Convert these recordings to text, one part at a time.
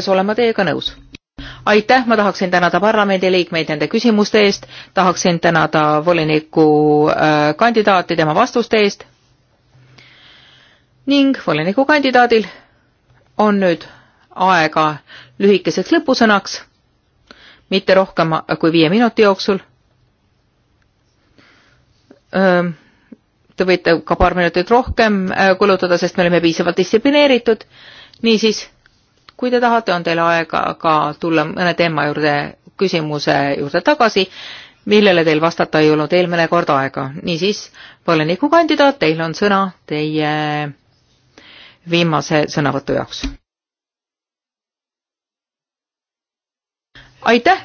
suhtes olen ma teiega nõus. aitäh, ma tahaksin tänada parlamendiliikmeid nende küsimuste eest, tahaksin tänada voliniku äh, kandidaati tema vastuste eest ning voliniku kandidaadil on nüüd aega lühikeseks lõpusõnaks, mitte rohkem kui viie minuti jooksul. Te võite ka paar minutit rohkem äh, kulutada, sest me oleme piisavalt distsiplineeritud. niisiis, kui te tahate, on teil aega ka tulla mõne teema juurde, küsimuse juurde tagasi, millele teil vastata ei olnud eelmine kord aega. niisiis, volinikukandidaat, teil on sõna teie viimase sõnavõtu jaoks. aitäh,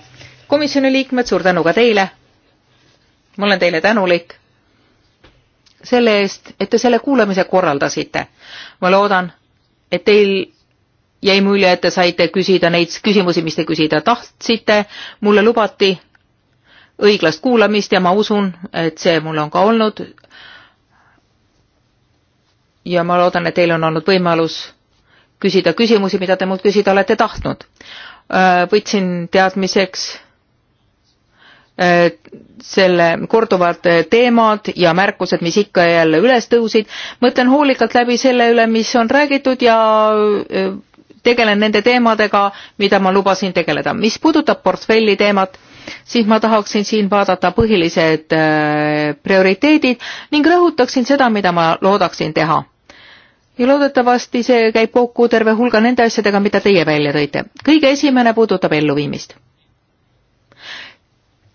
komisjoni liikmed, suur tänu ka teile. ma olen teile tänulik selle eest, et te selle kuulamise korraldasite. ma loodan, et teil jäi mulje, et te saite küsida neid küsimusi, mis te küsida tahtsite. mulle lubati õiglast kuulamist ja ma usun, et see mul on ka olnud. ja ma loodan, et teil on olnud võimalus küsida küsimusi, mida te mult küsida olete tahtnud. Äh, võtsin teadmiseks äh, selle korduvad äh, teemad ja märkused, mis ikka ja jälle üles tõusid. mõtlen hoolikalt läbi selle üle, mis on räägitud ja tegelen nende teemadega, mida ma lubasin tegeleda. mis puudutab portfelli teemat, siis ma tahaksin siin vaadata põhilised äh, prioriteedid ning rõhutaksin seda, mida ma loodaksin teha. ja loodetavasti see käib kokku terve hulga nende asjadega, mida teie välja tõite. kõige esimene puudutab elluviimist.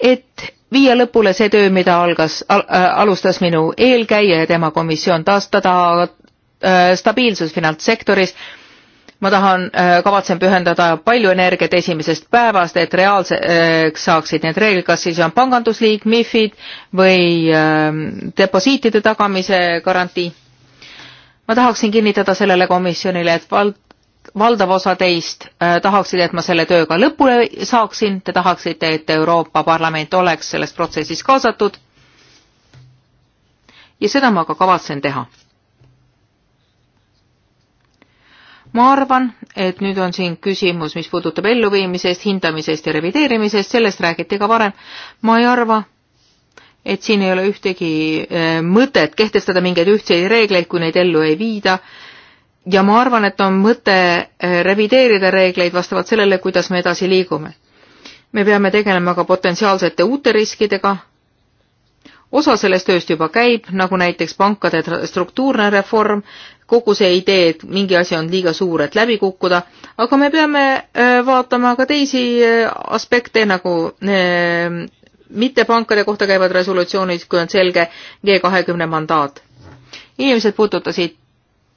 et viia lõpule see töö, mida algas al,, äh, alustas minu eelkäija ja tema komisjon taastada äh, stabiilsus finantssektoris ma tahan, äh, kavatsen pühendada palju energiat esimesest päevast, et reaalseks saaksid need reeglid, kas siis on pangandusliik, MIFID või ähm, deposiitide tagamise garantii. ma tahaksin kinnitada sellele komisjonile, et vald-, valdav osa teist äh, tahaksid, et ma selle tööga lõpule saaksin, te tahaksite, et Euroopa Parlament oleks selles protsessis kaasatud. ja seda ma ka kavatsen teha ma arvan, et nüüd on siin küsimus, mis puudutab elluviimisest, hindamisest ja revideerimisest, sellest räägiti ka varem. ma ei arva, et siin ei ole ühtegi eh, mõtet kehtestada mingeid ühtseid reegleid, kui neid ellu ei viida. ja ma arvan, et on mõte eh, revideerida reegleid vastavalt sellele, kuidas me edasi liigume. me peame tegelema ka potentsiaalsete uute riskidega osa sellest tööst juba käib, nagu näiteks pankade struktuurne reform, kogu see idee, et mingi asi on liiga suur, et läbi kukkuda, aga me peame äh, vaatama ka teisi äh, aspekte, nagu äh, mittepankade kohta käivad resolutsioonid, kui on selge G kahekümne mandaat. inimesed puudutasid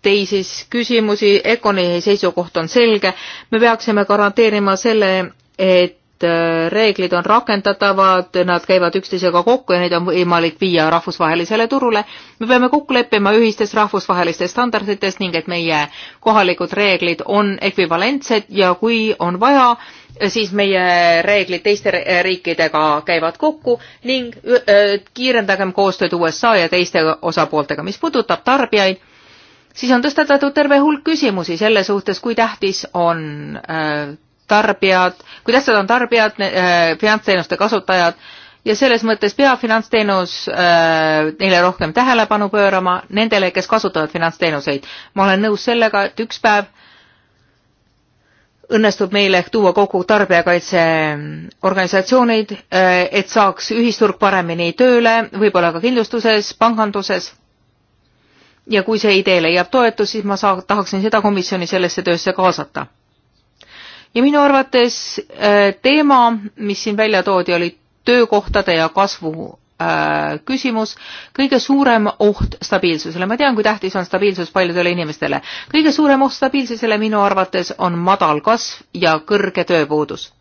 teisi küsimusi, Econi seisukoht on selge, me peaksime garanteerima selle, et Äh, reeglid on rakendatavad, nad käivad üksteisega kokku ja neid on võimalik viia rahvusvahelisele turule. me peame kokku leppima ühistes rahvusvahelistes standardites ning et meie kohalikud reeglid on ekvivalentsed ja kui on vaja, siis meie reeglid teiste riikidega käivad kokku ning äh, kiirendagem koostööd USA ja teiste osapooltega. mis puudutab tarbijaid, siis on tõstatatud terve hulk küsimusi selle suhtes, kui tähtis on äh, tarbijad, kuidas seda on tarbijad, äh, finantsteenuste kasutajad ja selles mõttes peab finantsteenus äh, neile rohkem tähelepanu pöörama, nendele, kes kasutavad finantsteenuseid. ma olen nõus sellega, et üks päev õnnestub meil ehk tuua kokku tarbijakaitseorganisatsioonid, ähm, äh, et saaks ühisturg paremini tööle, võib-olla ka kindlustuses, panganduses. ja kui see idee leiab toetust, siis ma saa-, tahaksin seda komisjoni sellesse töösse kaasata ja minu arvates äh, teema, mis siin välja toodi, oli töökohtade ja kasvu äh, küsimus, kõige suurem oht stabiilsusele, ma tean, kui tähtis on stabiilsus paljudele inimestele. kõige suurem oht stabiilsusele minu arvates on madal kasv ja kõrge tööpuudus.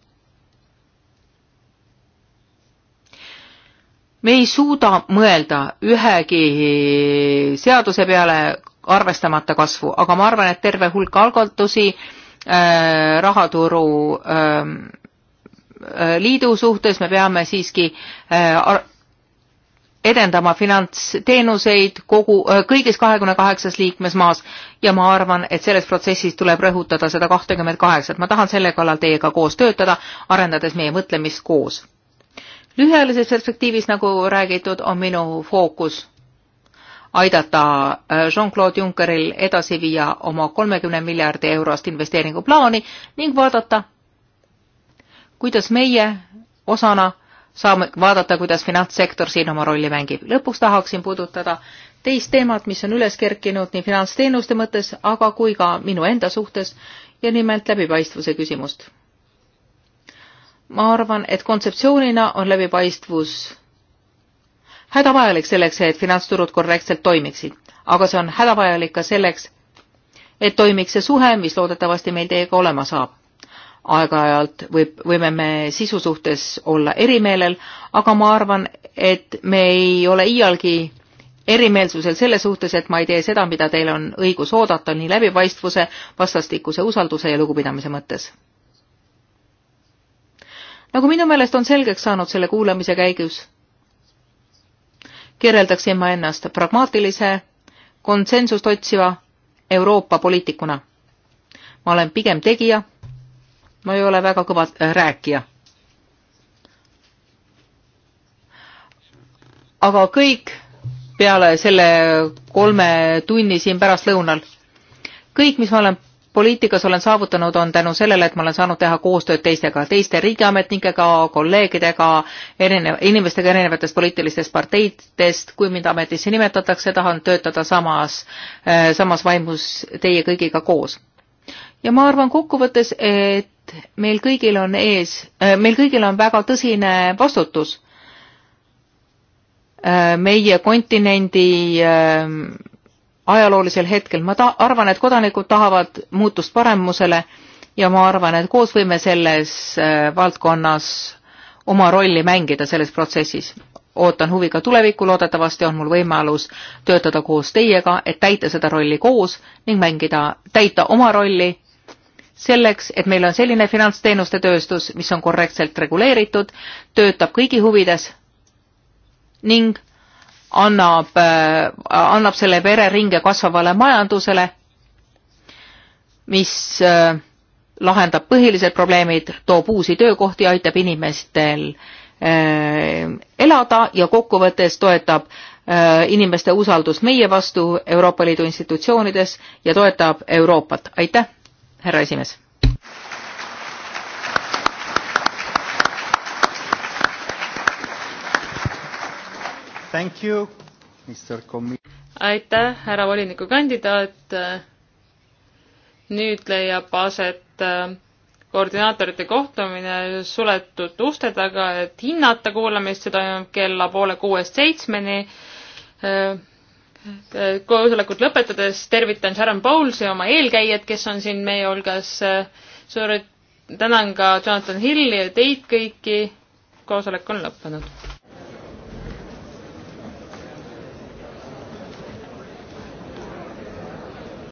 me ei suuda mõelda ühegi seaduse peale arvestamata kasvu, aga ma arvan, et terve hulk algatusi äh, Äh, rahaturu ähm, äh, liidu suhtes, me peame siiski äh, edendama finantsteenuseid kogu, kõigis kahekümne kaheksas liikmesmaas ja ma arvan, et selles protsessis tuleb rõhutada seda kahtekümmet kaheksat. ma tahan selle kallal teiega koos töötada, arendades meie mõtlemist koos. lühiajalises perspektiivis, nagu räägitud, on minu fookus aidata äh, Jean-Claude Junckeril edasi viia oma kolmekümne miljardi eurost investeeringuplaani ning vaadata, kuidas meie osana saame vaadata, kuidas finantssektor siin oma rolli mängib. lõpuks tahaksin puudutada teist teemat, mis on üles kerkinud nii finantsteenuste mõttes, aga kui ka minu enda suhtes ja nimelt läbipaistvuse küsimust. ma arvan, et kontseptsioonina on läbipaistvus hädavajalik selleks, et finantsturud korrektselt toimiksid, aga see on hädavajalik ka selleks, et toimiks see suhe, mis loodetavasti meil teiega olema saab. aeg-ajalt võib, võime me sisu suhtes olla erimeelel, aga ma arvan, et me ei ole iialgi erimeelsusel selles suhtes, et ma ei tee seda, mida teil on õigus oodata nii läbipaistvuse, vastastikuse usalduse ja lugupidamise mõttes. nagu minu meelest on selgeks saanud selle kuulamise käigus kirjeldaksin ma ennast pragmaatilise, konsensust otsiva Euroopa poliitikuna. ma olen pigem tegija, ma ei ole väga kõva äh, rääkija. aga kõik peale selle kolme tunni siin pärastlõunal, kõik, mis ma olen poliitikas olen saavutanud, on tänu sellele, et ma olen saanud teha koostööd teistega, teiste riigiametnikega, kolleegidega, erineva, inimestega erinevatest poliitilistest parteidest, kui mind ametisse nimetatakse, tahan töötada samas, äh, samas vaimus teie kõigiga koos. ja ma arvan kokkuvõttes, et meil kõigil on ees, äh, meil kõigil on väga tõsine vastutus äh, meie kontinendi ajaloolisel hetkel. ma ta-, arvan, et kodanikud tahavad muutust paremusele ja ma arvan, et koos võime selles äh, valdkonnas oma rolli mängida selles protsessis. ootan huviga tulevikku, loodetavasti on mul võimalus töötada koos teiega, et täita seda rolli koos ning mängida, täita oma rolli selleks, et meil on selline finantsteenuste tööstus, mis on korrektselt reguleeritud, töötab kõigi huvides ning annab, äh, annab selle pere ringe kasvavale majandusele, mis äh, lahendab põhilised probleemid, toob uusi töökohti, aitab inimestel äh, elada ja kokkuvõttes toetab inimeste usaldust meie vastu Euroopa Liidu institutsioonides ja toetab Euroopat. aitäh, härra esimees! Thank you, Mr Commi-. aitäh, härra volinikukandidaat. nüüd leiab aset äh, koordinaatorite kohtumine suletud uste taga, et hinnata kuulamist, see toimub kella poole kuuest seitsmeni. Äh, äh, koosolekut lõpetades tervitan Sharon Bowles'i, oma eelkäijat, kes on siin meie hulgas. suur tänan ka Jonathan Hilli ja teid kõiki. koosolek on lõppenud.